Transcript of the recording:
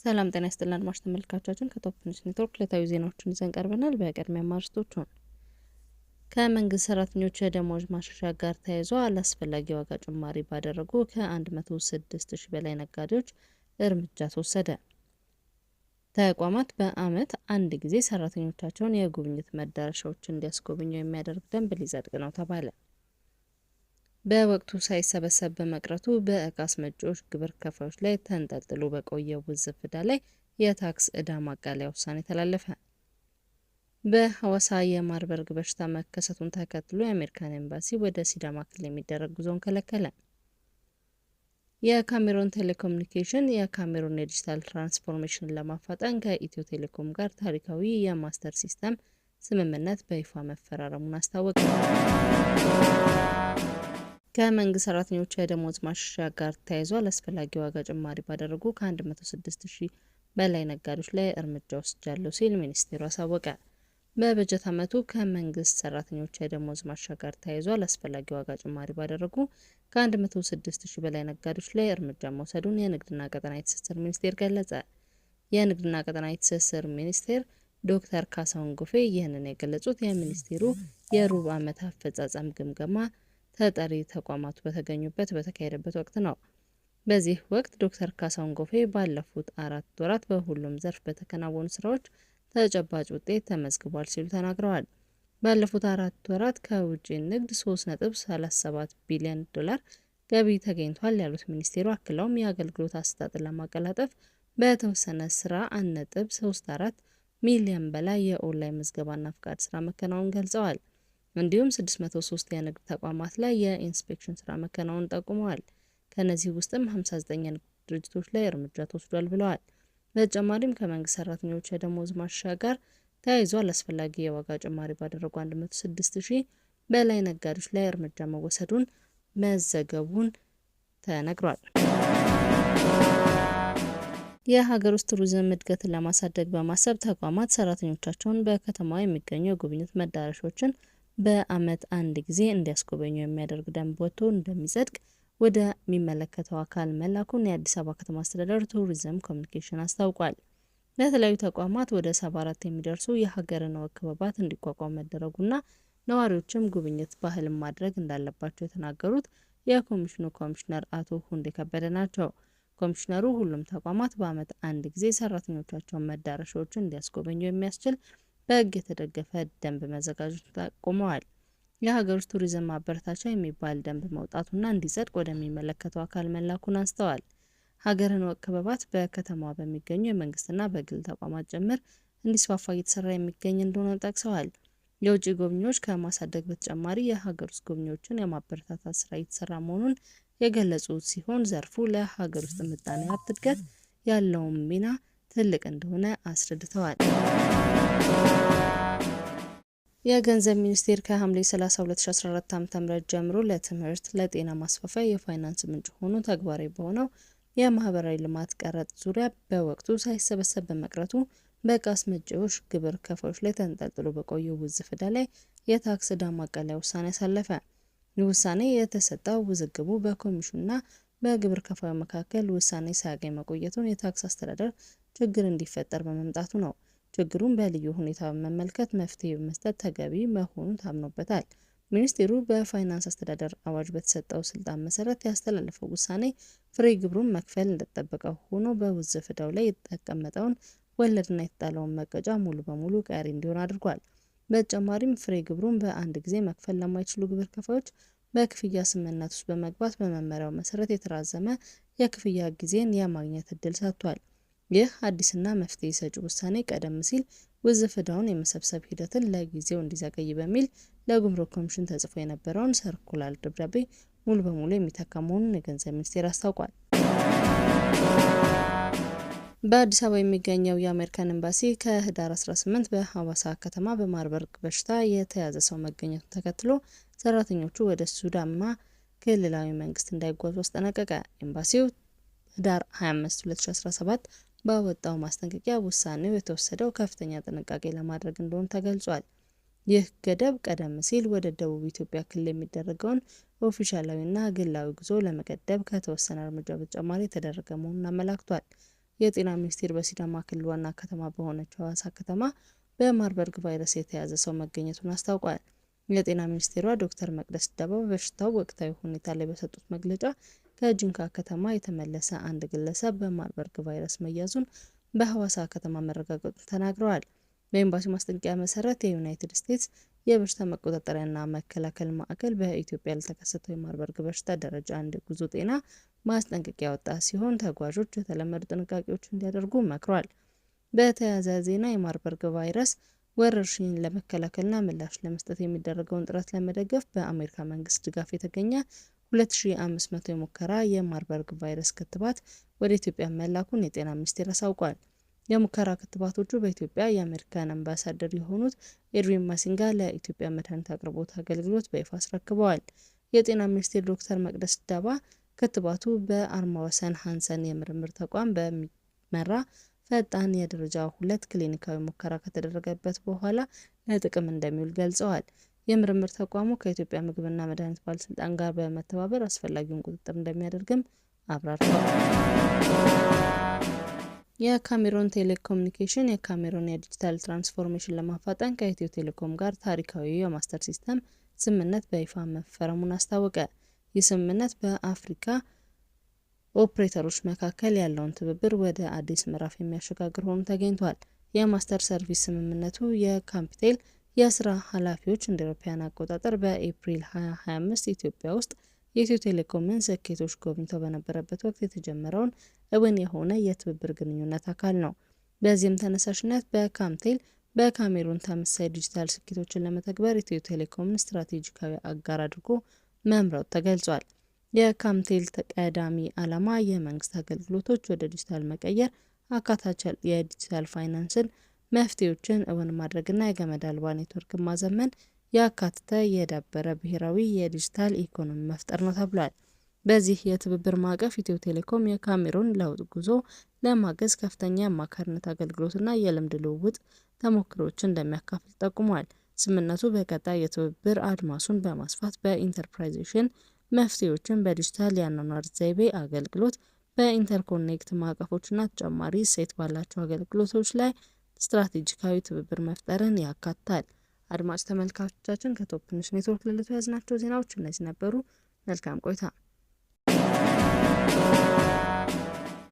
ሰላም ጤና ይስጥልን አድማጭ ተመልካቾቻችን፣ ከቶፕ ኒውስ ኔትወርክ ዕለታዊ ዜናዎችን ይዘን ቀርበናል። በቅድሚያ ማርስቶቹ ከመንግስት ሰራተኞች የደሞዝ ማሻሻያ ጋር ተያይዞ አላስፈላጊ ዋጋ ጭማሪ ባደረጉ ከ106 ሺህ በላይ ነጋዴዎች እርምጃ ተወሰደ። ተቋማት በአመት አንድ ጊዜ ሰራተኞቻቸውን የጉብኝት መዳረሻዎች እንዲያስጎብኙ የሚያደርግ ደንብ ሊጸድቅ ነው ተባለ። በወቅቱ ሳይሰበሰብ በመቅረቱ በእቃ አስመጪዎች ግብር ከፋዮች ላይ ተንጠልጥሎ በቆየ ውዝፍ ዕዳ ላይ የታክስ ዕዳ ማቃለያ ውሳኔ ተላለፈ። በሐዋሳ የማርበርግ በሽታ መከሰቱን ተከትሎ የአሜሪካን ኤምባሲ ወደ ሲዳማ ክልል የሚደረግ ጉዞን ከለከለ። የካሜሩን ቴሌኮሙኒኬሽን የካሜሩን የዲጂታል ትራንስፎርሜሽን ለማፋጠን ከኢትዮ ቴሌኮም ጋር ታሪካዊ የማስተር ሲስተም ስምምነት በይፋ መፈራረሙን አስታወቀ። ከመንግስት ሰራተኞች የደሞዝ ማሻሻያ ጋር ተያይዞ አላስፈላጊ ዋጋ ጭማሪ ባደረጉ ከ106 ሺህ በላይ ነጋዴዎች ላይ እርምጃ ወስጃለሁ ሲል ሚኒስቴሩ አሳወቀ። በበጀት ዓመቱ ከመንግስት ሰራተኞች የደሞዝ ማሻሻያ ጋር ተያይዞ አላስፈላጊ ዋጋ ጭማሪ ባደረጉ ከ106 ሺህ በላይ ነጋዴዎች ላይ እርምጃ መውሰዱን የንግድና ቀጠናዊ ትስስር ሚኒስቴር ገለጸ። የንግድና ቀጠናዊ ትስስር ሚኒስቴር ዶክተር ካሳሁን ጎፌ ይህንን የገለጹት የሚኒስቴሩ የሩብ ዓመት አፈጻጸም ግምገማ ተጠሪ ተቋማቱ በተገኙበት በተካሄደበት ወቅት ነው። በዚህ ወቅት ዶክተር ካሳሁን ጎፌ ባለፉት አራት ወራት በሁሉም ዘርፍ በተከናወኑ ስራዎች ተጨባጭ ውጤት ተመዝግቧል ሲሉ ተናግረዋል። ባለፉት አራት ወራት ከውጭ ንግድ 3.37 ቢሊዮን ዶላር ገቢ ተገኝቷል ያሉት ሚኒስቴሩ አክለውም የአገልግሎት አሰጣጥን ለማቀላጠፍ በተወሰነ ስራ 34 ሚሊዮን በላይ የኦንላይን ምዝገባና ፍቃድ ስራ መከናወን ገልጸዋል። እንዲሁም 603 የንግድ ተቋማት ላይ የኢንስፔክሽን ስራ መከናወን ጠቁመዋል። ከነዚህ ውስጥም 59 የንግድ ድርጅቶች ላይ እርምጃ ተወስዷል ብለዋል። በተጨማሪም ከመንግስት ሰራተኞች የደሞዝ ማሻሻያ ጋር ተያይዞ አላስፈላጊ የዋጋ ጭማሪ ባደረጉ 106 ሺህ በላይ ነጋዴዎች ላይ እርምጃ መወሰዱን መዘገቡን ተነግሯል። የሀገር ውስጥ ቱሪዝም እድገትን ለማሳደግ በማሰብ ተቋማት ሰራተኞቻቸውን በከተማዋ የሚገኙ የጉብኝት መዳረሻዎችን በዓመት አንድ ጊዜ እንዲያስጎበኙ የሚያደርግ ደንብ ወጥቶ እንደሚጸድቅ ወደሚመለከተው አካል መላኩን የአዲስ አበባ ከተማ አስተዳደር ቱሪዝም ኮሚኒኬሽን አስታውቋል። ለተለያዩ ተቋማት ወደ 74 የሚደርሱ የሀገርን ወግ ክበባት እንዲቋቋም መደረጉና ነዋሪዎችም ጉብኝት ባህል ማድረግ እንዳለባቸው የተናገሩት የኮሚሽኑ ኮሚሽነር አቶ ሁንዴ ከበደ ናቸው። ኮሚሽነሩ ሁሉም ተቋማት በዓመት አንድ ጊዜ ሰራተኞቻቸውን መዳረሻዎችን እንዲያስጎበኙ የሚያስችል በህግ የተደገፈ ደንብ መዘጋጀቱ ጠቁመዋል። የሀገር ውስጥ ቱሪዝም ማበረታቻ የሚባል ደንብ መውጣቱና እንዲጸድቅ ወደሚመለከተው አካል መላኩን አንስተዋል። ሀገርን ወግ ክበባት በከተማዋ በሚገኙ የመንግስትና በግል ተቋማት ጭምር እንዲስፋፋ እየተሰራ የሚገኝ እንደሆነ ጠቅሰዋል። የውጭ ጎብኚዎች ከማሳደግ በተጨማሪ የሀገር ውስጥ ጎብኚዎችን የማበረታታት ስራ እየተሰራ መሆኑን የገለጹት ሲሆን ዘርፉ ለሀገር ውስጥ ምጣኔ ሀብት እድገት ያለውን ሚና ትልቅ እንደሆነ አስረድተዋል። የገንዘብ ሚኒስቴር ከሐምሌ 30 2014 ዓ.ም ጀምሮ ለትምህርት፣ ለጤና ማስፋፊያ የፋይናንስ ምንጭ ሆኖ ተግባራዊ በሆነው የማህበራዊ ልማት ቀረጥ ዙሪያ በወቅቱ ሳይሰበሰብ በመቅረቱ በዕቃ አስመጪዎች፣ ግብር ከፋዮች ላይ ተንጠልጥሎ በቆየው ውዝ ዕዳ ላይ የታክስ ዕዳ ማቃለያ ውሳኔ አሳለፈ። ውሳኔ የተሰጠው ውዝግቡ በኮሚሽኑና በግብር ከፋዩ መካከል ውሳኔ ሳያገኝ መቆየቱን የታክስ አስተዳደር ችግር እንዲፈጠር በመምጣቱ ነው። ችግሩን በልዩ ሁኔታ በመመልከት መፍትሄ መስጠት ተገቢ መሆኑን ታምኖበታል። ሚኒስቴሩ በፋይናንስ አስተዳደር አዋጅ በተሰጠው ስልጣን መሰረት ያስተላለፈው ውሳኔ ፍሬ ግብሩን መክፈል እንደተጠበቀ ሆኖ በውዝፍ ዕዳው ላይ የተቀመጠውን ወለድና የተጣለውን መቀጫ ሙሉ በሙሉ ቀሪ እንዲሆን አድርጓል። በተጨማሪም ፍሬ ግብሩን በአንድ ጊዜ መክፈል ለማይችሉ ግብር ከፋዮች በክፍያ ስምምነት ውስጥ በመግባት በመመሪያው መሰረት የተራዘመ የክፍያ ጊዜን የማግኘት እድል ሰጥቷል። ይህ አዲስና መፍትሄ ሰጪ ውሳኔ ቀደም ሲል ውዝፍ ዕዳውን የመሰብሰብ ሂደትን ለጊዜው እንዲዘገይ በሚል ለጉምሩክ ኮሚሽን ተጽፎ የነበረውን ሰርኩላር ደብዳቤ ሙሉ በሙሉ የሚተካ መሆኑን የገንዘብ ሚኒስቴር አስታውቋል። በአዲስ አበባ የሚገኘው የአሜሪካን ኤምባሲ ከህዳር 18 በሐዋሳ ከተማ በማርበርግ በሽታ የተያዘ ሰው መገኘቱን ተከትሎ ሰራተኞቹ ወደ ሱዳማ ክልላዊ መንግስት እንዳይጓዙ አስጠነቀቀ። ኤምባሲው ህዳር 25 2017 ባወጣው ማስጠንቀቂያ ውሳኔው የተወሰደው ከፍተኛ ጥንቃቄ ለማድረግ እንደሆነ ተገልጿል። ይህ ገደብ ቀደም ሲል ወደ ደቡብ ኢትዮጵያ ክልል የሚደረገውን ኦፊሻላዊና ግላዊ ጉዞ ለመገደብ ከተወሰነ እርምጃ በተጨማሪ የተደረገ መሆኑን አመላክቷል። የጤና ሚኒስቴር በሲዳማ ክልል ዋና ከተማ በሆነችው ሐዋሳ ከተማ በማርበርግ ቫይረስ የተያዘ ሰው መገኘቱን አስታውቋል። የጤና ሚኒስቴሯ ዶክተር መቅደስ ዳባ በሽታው ወቅታዊ ሁኔታ ላይ በሰጡት መግለጫ ከጂንካ ከተማ የተመለሰ አንድ ግለሰብ በማርበርግ ቫይረስ መያዙን በሐዋሳ ከተማ መረጋገጡን ተናግረዋል። በኤምባሲው ማስጠንቀቂያ መሰረት የዩናይትድ ስቴትስ የበሽታ መቆጣጠሪያና መከላከል ማዕከል በኢትዮጵያ ለተከሰተው የማርበርግ በሽታ ደረጃ አንድ ጉዞ ጤና ማስጠንቀቂያ ያወጣ ሲሆን ተጓዦች የተለመዱ ጥንቃቄዎች እንዲያደርጉ መክሯል። በተያያዘ ዜና የማርበርግ ቫይረስ ወረርሽኝን ለመከላከልና ምላሽ ለመስጠት የሚደረገውን ጥረት ለመደገፍ በአሜሪካ መንግስት ድጋፍ የተገኘ 2500 የሙከራ የማርበርግ ቫይረስ ክትባት ወደ ኢትዮጵያ መላኩን የጤና ሚኒስቴር አሳውቋል። የሙከራ ክትባቶቹ በኢትዮጵያ የአሜሪካን አምባሳደር የሆኑት ኤድዊን ማሲንጋ ለኢትዮጵያ መድኃኒት አቅርቦት አገልግሎት በይፋ አስረክበዋል። የጤና ሚኒስቴር ዶክተር መቅደስ ዳባ ክትባቱ በአርማወሰን ሀንሰን የምርምር ተቋም በሚመራ ፈጣን የደረጃ ሁለት ክሊኒካዊ ሙከራ ከተደረገበት በኋላ ለጥቅም እንደሚውል ገልጸዋል። የምርምር ተቋሙ ከኢትዮጵያ ምግብና መድኃኒት ባለስልጣን ጋር በመተባበር አስፈላጊውን ቁጥጥር እንደሚያደርግም አብራርተዋል። የካሜሮን ቴሌኮሙኒኬሽን የካሜሮን የዲጂታል ትራንስፎርሜሽን ለማፋጠን ከኢትዮ ቴሌኮም ጋር ታሪካዊ የማስተር ሲስተም ስምምነት በይፋ መፈረሙን አስታወቀ። ይህ ስምምነት በአፍሪካ ኦፕሬተሮች መካከል ያለውን ትብብር ወደ አዲስ ምዕራፍ የሚያሸጋግር ሆኖ ተገኝቷል። የማስተር ሰርቪስ ስምምነቱ የካምፒቴል የስራ ኃላፊዎች እንደ አውሮፓውያን አቆጣጠር በኤፕሪል 2025 ኢትዮጵያ ውስጥ የኢትዮ ቴሌኮምን ስኬቶች ጎብኝተው በነበረበት ወቅት የተጀመረውን እውን የሆነ የትብብር ግንኙነት አካል ነው። በዚህም ተነሳሽነት በካምቴል በካሜሩን ተመሳሳይ ዲጂታል ስኬቶችን ለመተግበር ኢትዮ ቴሌኮምን ስትራቴጂካዊ አጋር አድርጎ መምረጡ ተገልጿል። የካምቴል ቀዳሚ ዓላማ የመንግስት አገልግሎቶች ወደ ዲጂታል መቀየር፣ አካታች የዲጂታል ፋይናንስን መፍትሄዎችን እውን ማድረግና የገመድ አልባ ኔትወርክን ማዘመን ያካተተ የዳበረ ብሔራዊ የዲጂታል ኢኮኖሚ መፍጠር ነው ተብሏል። በዚህ የትብብር ማዕቀፍ ኢትዮ ቴሌኮም የካሜሩን ለውጥ ጉዞ ለማገዝ ከፍተኛ የአማካሪነት አገልግሎትና የልምድ ልውውጥ ተሞክሮዎችን እንደሚያካፍል ጠቁሟል። ስምምነቱ በቀጣይ የትብብር አድማሱን በማስፋት በኢንተርፕራይዜሽን መፍትሄዎችን፣ በዲጂታል የአኗኗር ዘይቤ አገልግሎት፣ በኢንተርኮኔክት ማዕቀፎችና ተጨማሪ እሴት ባላቸው አገልግሎቶች ላይ ስትራቴጂካዊ ትብብር መፍጠርን ያካትታል። አድማጭ ተመልካቾቻችን ከቶፕ ትንሽ ኔትወርክ ለዕለቱ ዜናዎች እነዚህ ነበሩ። መልካም ቆይታ